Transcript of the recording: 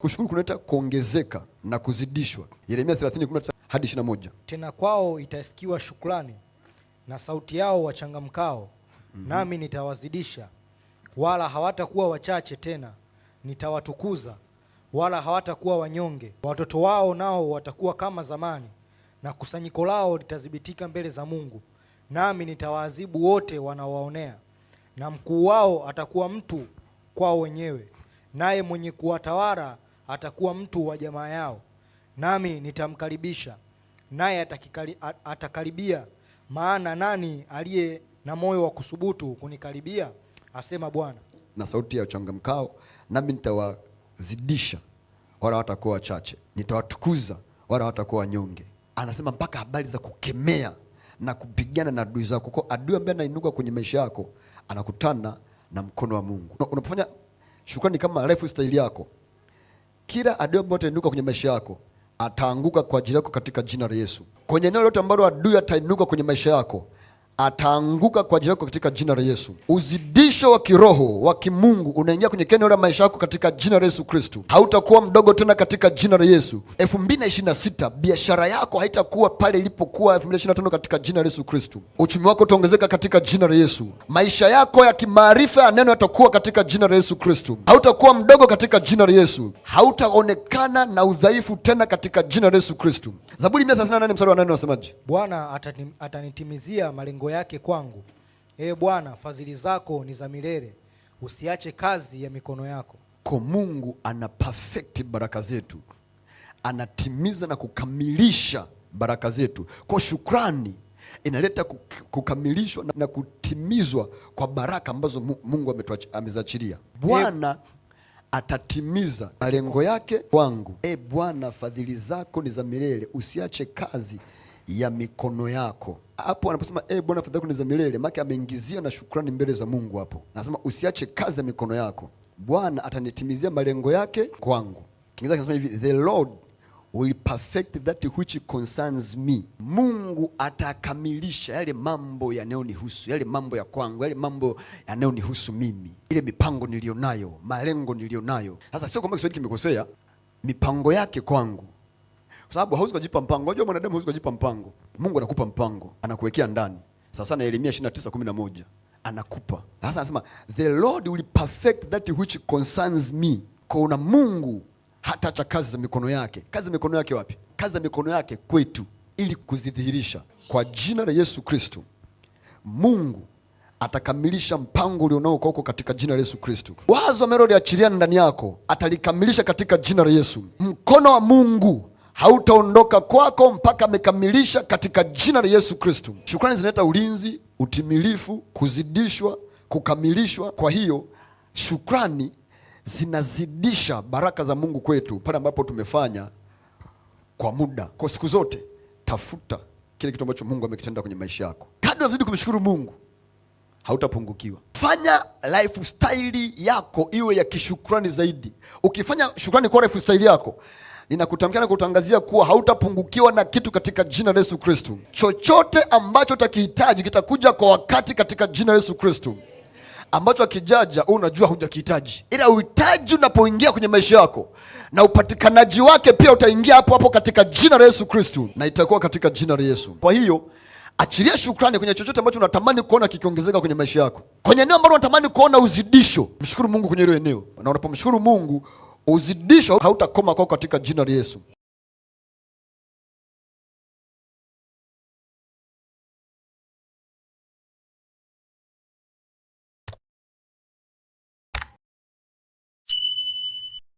Kushukuru kunaleta kuongezeka na kuzidishwa. Yeremia 30:19 hadi 21. Tena kwao itasikiwa shukrani na sauti yao wachangamkao, mm -hmm. nami nitawazidisha, wala hawatakuwa wachache tena, nitawatukuza wala hawatakuwa wanyonge. Watoto wao nao watakuwa kama zamani, na kusanyiko lao litathibitika mbele za Mungu, nami nitawaadhibu wote wanaowaonea, na mkuu wao atakuwa mtu kwao wenyewe, naye mwenye kuwatawala atakuwa mtu wa jamaa yao, nami nitamkaribisha naye atakaribia. Maana nani aliye na moyo wa kusubutu kunikaribia? Asema Bwana. Na sauti ya uchangamkao, nami nitawazidisha, wala watakuwa wachache, nitawatukuza, wala watakuwa wanyonge. Anasema mpaka habari za kukemea na kupigana na adui zako. Kwa adui ambaye anainuka kwenye maisha yako anakutana na mkono wa Mungu. Unapofanya shukrani kama lifestyle yako kila adui ambaye atainuka kwenye maisha yako ataanguka kwa ajili yako katika jina la Yesu. Kwenye eneo lote ambalo adui atainuka kwenye maisha yako ataanguka kwa ajili yako katika jina la Yesu. Uzidi Utambulisho wa kiroho wa kimungu unaingia kwenye keno la maisha yako katika jina la Yesu Kristu. Hautakuwa mdogo tena katika jina la Yesu. 2026 biashara yako haitakuwa pale ilipokuwa 2025 katika jina la Yesu Kristu. Uchumi wako utaongezeka katika jina la Yesu. Maisha yako ya kimaarifa ya neno yatakuwa katika jina la Yesu Kristu. Hautakuwa mdogo katika jina la Yesu. Hautaonekana na udhaifu tena katika jina la Yesu Kristu. Zaburi 138 mstari wa 8 unasemaje? Bwana atanitimizia malengo yake kwangu Ee Bwana, fadhili zako ni za milele, usiache kazi ya mikono yako. Kwa Mungu ana perfect baraka zetu, anatimiza na kukamilisha baraka zetu. Kwa shukrani inaleta kukamilishwa na kutimizwa kwa baraka ambazo Mungu amezachilia. Bwana atatimiza malengo yake kwangu. E Bwana, fadhili zako ni za milele, usiache kazi ya mikono yako. Hapo anaposema e, Bwana fadhili zako ni za milele, maana ameingizia na shukrani mbele za Mungu. Hapo anasema usiache kazi ya mikono yako, Bwana atanitimizia malengo yake kwangu. Kiingereza kinasema hivi, the Lord will perfect that which concerns me. Mungu atakamilisha yale mambo yanayonihusu, yale mambo ya kwangu, yale mambo yanayonihusu mimi, ile mipango niliyonayo, malengo niliyonayo. Sasa sio kwamba Kiswahili kimekosea, mipango yake kwangu kwa sababu hauwezi kujipa mpango. Unajua mwanadamu hauwezi kujipa mpango. Mungu anakupa mpango, anakuwekea ndani. Sasa na Yeremia 29:11 anakupa. Sasa anasema the Lord will perfect that which concerns me. Kwa una Mungu hataacha kazi za mikono yake. Kazi za mikono yake wapi? Kazi za mikono yake kwetu ili kuzidhihirisha kwa jina la Yesu Kristo. Mungu atakamilisha mpango ulionao kwako katika jina la Yesu Kristo. Wazo ameloliachilia ndani yako atalikamilisha katika jina la Yesu. Mkono wa Mungu hautaondoka kwako mpaka amekamilisha katika jina la Yesu Kristo. Shukrani zinaleta ulinzi, utimilifu, kuzidishwa, kukamilishwa. Kwa hiyo shukrani zinazidisha baraka za Mungu kwetu pale ambapo tumefanya kwa muda. Kwa siku zote tafuta kile kitu ambacho Mungu amekitenda kwenye maisha yako. Kadri unazidi kumshukuru Mungu hautapungukiwa. Fanya lifestyle yako iwe ya kishukrani zaidi. Ukifanya shukrani kwa lifestyle yako ninakutamkia na kutangazia kuwa hautapungukiwa na kitu katika jina la Yesu Kristo. Chochote ambacho utakihitaji kitakuja kwa wakati katika jina la Yesu Kristo. Ambacho akijaja wewe unajua hujakihitaji, ila uhitaji unapoingia kwenye maisha yako na upatikanaji wake pia utaingia hapo hapo katika jina la Yesu Kristo, na itakuwa katika jina la Yesu. Kwa hiyo achilia shukrani kwenye chochote ambacho unatamani kuona kikiongezeka kwenye maisha yako, kwenye eneo ambalo unatamani kuona uzidisho. Mshukuru Mungu kwenye hilo eneo, na unapomshukuru Mungu Uzidisho hautakoma kwao katika jina la Yesu.